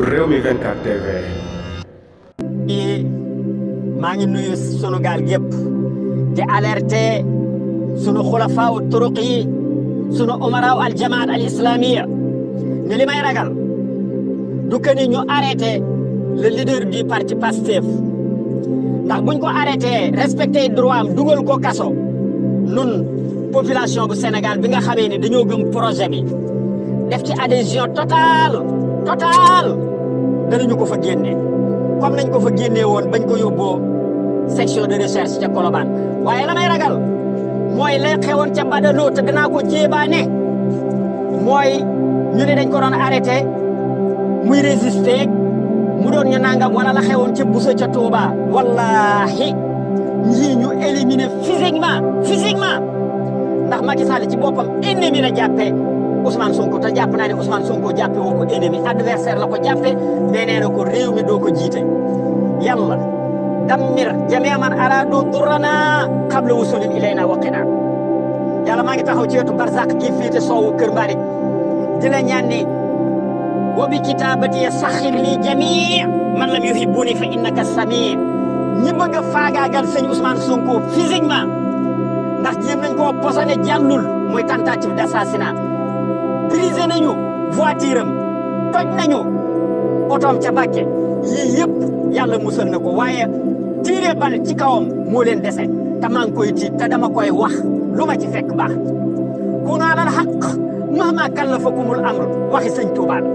Réumi 24 TV. maa ngi nuyu sunu gal yëpp di alerté sunu khulafa turuq turqi sunu umaraaw al jamaat al islamiyya ni li may ragal du que ni ñu arrêté le leader du parti Pastef ndax buñ ko arrêté respecté droit am dugal ko kasso nun population bu Sénégal bi nga xamé ne dañu gëm projet bi def ci adhésion totale totale danañu ko fa génnee comme nañ ko fa génnee woon bañ ko yóbboo section de recherche ca Colobane waaye la may ragal mooy lay xewoon ca Badaloo te danaa ko jéebaane mooy ñu ne dañ ko muy résister mu doon ñu nangam wala la xewoon ca Bousso ca Touba wallahi ñii ñu éliminer physiquement physiquement ndax Macky Sall ci boppam ennemi la jàppee Ousmane Sonko ta jàpp naa ne Ousmane Sonko jappi woko enemi adversaire la ko jàppe mais ko rewmi mi ko jiite yalla dammir jamia man ala do durana qabla wusul ilayna waqinaa yàlla maa ngi taxaw ci wetu barzak ki féete soowu kër mbaari di la ñaan ne wa bi kitabati saxir li jami' man lam yuhibbuni fa innaka samii ñi bëgg faagaagal sëñ Ousmane Sonko physiquement ndax jëm nañ ko jallul moy tentative d'assassinat brisé nañu voiture am toj nañu otoom ca Bakke yii yëpp yàlla ko waaye tiire bal ci kawam moo leen dese te maa koy tiit te dama koy wax lu ma ci fekk baax kunu alal xaq mahma kallafakumul amr waxi sëñ Tuubaa la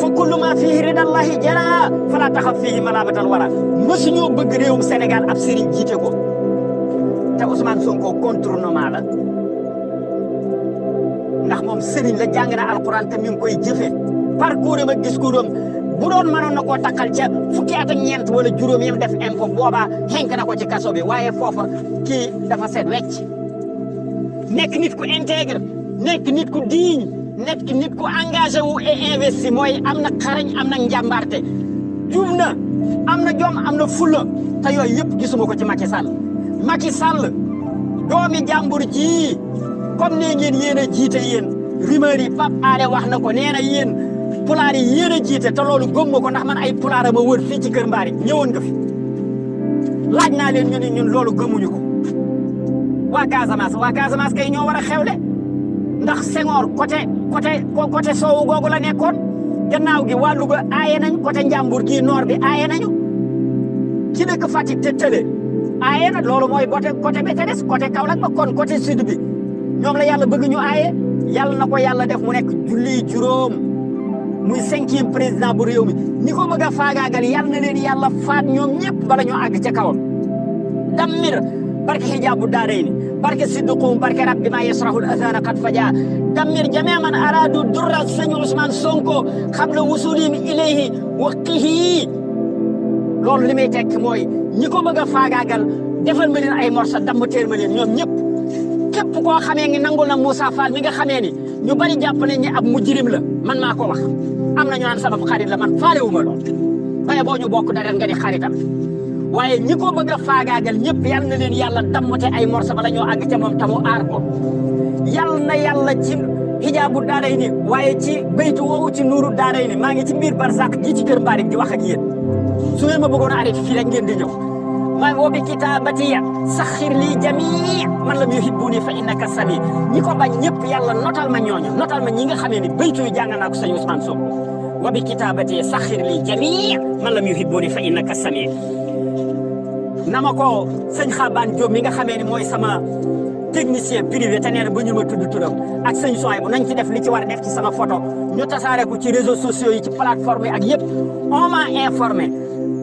fa kullu ma fiihi ridallahi jara fala taxaf fiihi malamatal wara mësuñoo bëgg réewum Sénégal ab sëriñ jiite ko te Ousmane Sonko contournement la ndax moom sëriñ la jàng na alquran te mi ngi koy jëfee parcours am ak discours am bu doon mënoon na koo takkal ca fukki at ak ñeent wala juróom yam def impôt boobaa xenk na ko ci kaso bi waaye foofa kii dafa seet wecc nekk nit ku intègre nekk nit ku digne nekk nit ku engagé wu et investi mooy am na xarañ am na njàmbaarte jub na am na jom am na fulla ta yooy yëpp gisuma ko ci Macky Sall Macky Sall doomi jàmbur comme nee ngeen yéen a jiite yéen rumeur yi Pape Alé wax na ko nee na yéen pulaar yi yéen a jiite te loolu gëm ko ndax man ay pulaar ma wër fii ci Kër Mbaari ñëwoon nga fi laaj naa leen ñu ne ñun loolu gëmuñu ko waa Casamance waa Casamance kay ñoo war a xewle ndax Senghor côté côté côté soowu googu la nekkoon gannaaw gi waa Louga aaye nañu côté Njàmbur gii noor bi aaye nañu ci dëkk Fatick te tële na loolu mooy côté côté bi te des côté Kaolack ba kon côté sud bi. ñoom la yàlla bëgg ñu aaye yàlla na ko yàlla def mu nekk julli juróom muy cinquième président bu réew mi ñi bëgg a faagaagal yàlla na leen yàlla faat ñoom ñëpp bala ñoo àgg ca kawam dammir barke xijaabu daaray ni barke siddiqum barke rabbi ma yasrahul athana qad faja dammir jamia man araadu durra sëñ Ousmane Sonko qabla wusulihim ilayhi waqihi loolu li may tekk mooy ñi ko bëgg a faagaagal defal ma leen ay morsa damm téer ma leen ñoom ñëpp képp koo xamee ngi nangul na Moussa Fall mi nga xamee ni ñu bari jàpp nañ ne ab mujjirim la man maa ko wax am na ñu naan sama xarit la man faale wu ma lool baye boo ñu bokk dara nga di xaritam waaye ñi ko bëgg a faagaagal ñëpp yal na leen yàlla dammate ay morsa ba ñoo àgg ca moom tamu aar ko yal na yàlla ci hijaabu daaray ni waaye ci baytu woowu ci nuuru daaray ni maa ngi ci mbir barzak gi ci kër mbaarik di wax ak yéen su ngeen ma bëggoon arrêté fii rek ngeen di ñëw maanaam wa bi kitaabatiya saxir lii jamii man lam yuhibbuni fa innaka sami ñi ko bañ ñëpp yàlla notal ma ñooñu notal ma ñi nga xamee ni baytu yi jàng naa ko sëñ Ousmane Sow wa bi kitaabatiya saxir lii jamii man lam yuhibbuni fa innaka sami na ma ko sëñ Xabaan Diop mi nga xamee ni mooy sama technicien privé te nee na ba ñu ma tudd turam ak sëñ Soy bu nañ ci def li ci war a def ci sama photo ñu tasaare ci réseaux sociaux yi ci plateforme yi ak yëpp on m'a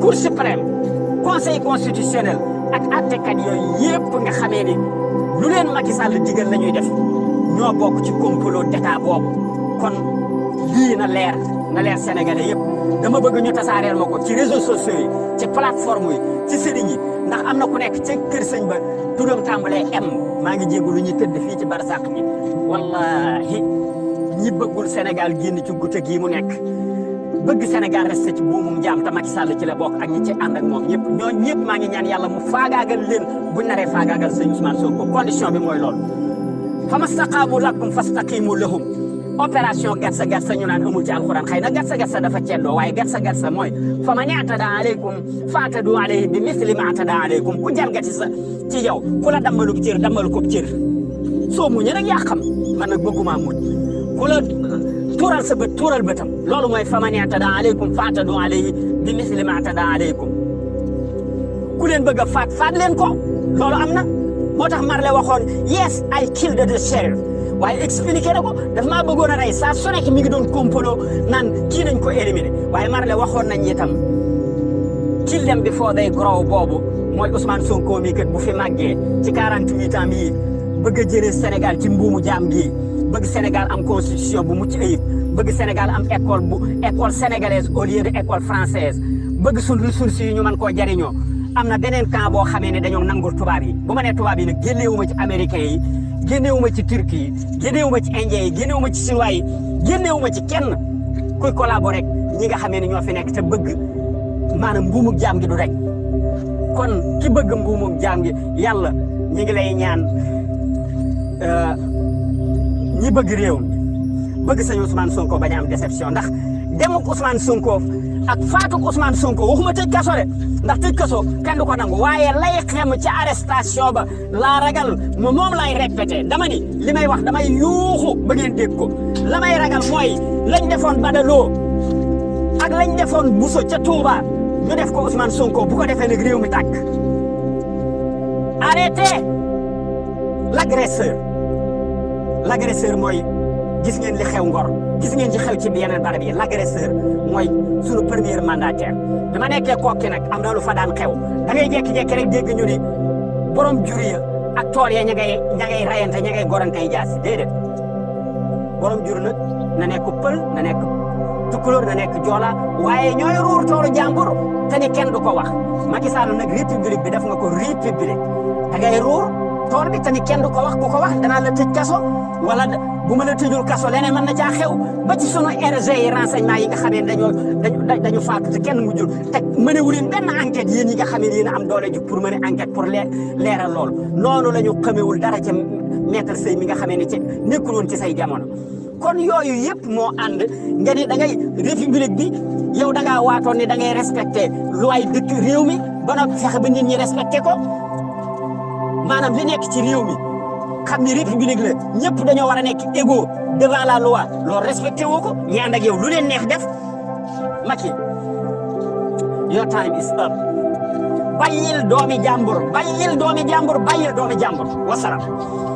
cour suprême conseil constitutionnel ak àttekat yooyu yëpp nga xamee ni lu leen Macky Sall digal la ñuy def ñoo bokk ci complot d'état boobu kon lii na leer na leer sénégalais yëpp dama bëgg ñu tasaareel ma ko ci réseaux sociaux yi ci plateforme yi ci sëriñ ndax am na ku nekk ca kër sëñ ba turam tàmbalee m maa ngi lu ñu tëdd fii ci barsàq bi wallahi ñi bëggul Sénégal génn ci gute gi mu nekk bëgg Sénégal resté ci buumum jaam te Macky Sall ci la bokk ak ñi ci moom ñëpp ñooñu ñëpp maa ngi ñaan yàlla mu faagaagal leen bu naree faagaagal sëñ Ousmane Sonko condition bi mooy loolu fama staqaabu lakum fastaqimu lahum opération gatsa gatsa ñu naan amul ci alxuraan xëy na gatsa gatsa dafa ceddoo waaye gatsa gatsa mooy fa man i'tada aleykum fa'tadu alayhi bi misli ma i'tada aleykum ku jalgati sa ci ku la dambalub cër dambalu ko cër soo muñee nag yaa xam tuural sa bët tuural bëtam loolu mooy faman i'tada alaykum fa'tadu alayhi bi misli ma i'tada alaykum ku leen faat faat leen ko loolu am na moo tax Marley waxoon yes I killed the sheriff waaye expliqué ko daf maa bëggoon rey saa su nekk mi doon complot naan kii nañ ko éliminé waaye Marley waxoon nañ itam kill them before they grow boobu mooy Ousmane Sonko mi kat bu fi màggee ci 48 ans yii bëgg a jëlee senegal ci mbuumu jaam gii bëgg Sénégal am constitution bu mucc ayib bëgg Sénégal am école bu école sénégalaise au lieu de école française bëgg suñ ressources yi ñu mën koo jariñoo am na beneen camp boo xamee ne dañoo nangul tubaab yi bu ma nee tubaab yi nag génneewu ma ci américains yi génneewu ma ci turki yi génneewu ma ci indien yi génneewu ma ci chinois yi génneewu ma ci kenn kuy collaborer ñi nga xamee ne ñoo fi nekk te bëgg maanaam mbuumug jaam gi du rek kon ki bëgg mbuumug jaam gi yàlla ñu ngi lay ñaan euh, ñi bëgg réew bëgg sañu Ousmane Sonko bañ a am déception ndax demuk Ousmane Sonko ak faatuk Ousmane Sonko waxuma tëj kaso de ndax tëj kaso kenn du ko nangu waaye lay xem ci arrestation ba laa ragal mu moom lay répété dama ni li may wax damay yuuxu ba ngeen dégg ko la may ragal mooy lañ defoon Badaloo ak lañ defoon Bousso ca Touba ñu def ko Ousmane Sonko bu ko defee nag réew mi tàkk arrêtez l'agresseur l'agresseur mooy gis ngeen li xew Ngor gis ngeen ci xew ci yeneen barab yi l'agresseur mooy sunu premier mandataire bi ma nekkee kooki nag am a lu fa daan xew da ngay jékki-jékki rek dégg ñu ni borom juri ak tool ya ña ngay ña ngay rayante ña ngay gorante ay jaasi déedéet borom jur nag na nekk pël na nekk tukulóor na nekk joola waaye ñooy ruur toolu jàmbur te ni kenn du ko wax Macky Sall nag république bi def nga ko république da ngay ruur toor bi tamit kenn du ko wax ku ko wax danaa la tëj kaso wala bu ma la tëjul kaso leneen mën na caa xew ba ci sunu RG yi renseignement yi nga xamee dañoo dañu dañu faatu te kenn mujjul te mënewu leen benn enquête yéen yi nga xam ne yéen a am doole ji pour mën a enquête pour leeral loolu noonu la ñu xamewul dara ca maître sëy mi nga xamee ne ci nekkul woon ci say jamono kon yooyu yëpp moo ànd nga ni da ngay république bi yow da ngaa waatoon ne da ngay respecté loi dëkk réew mi ba noppi ba nit ñi respecté ko maanaam li nekk ci réew mi xam ni république la ñëpp dañoo war a nekk égaux devant la loi loolu respecté woo ko ñu ànd ak yow lu leen neex def Macky your time is up bàyyil doomi jàmbur bàyyil doomi jàmbur bàyyil doomi jàmbur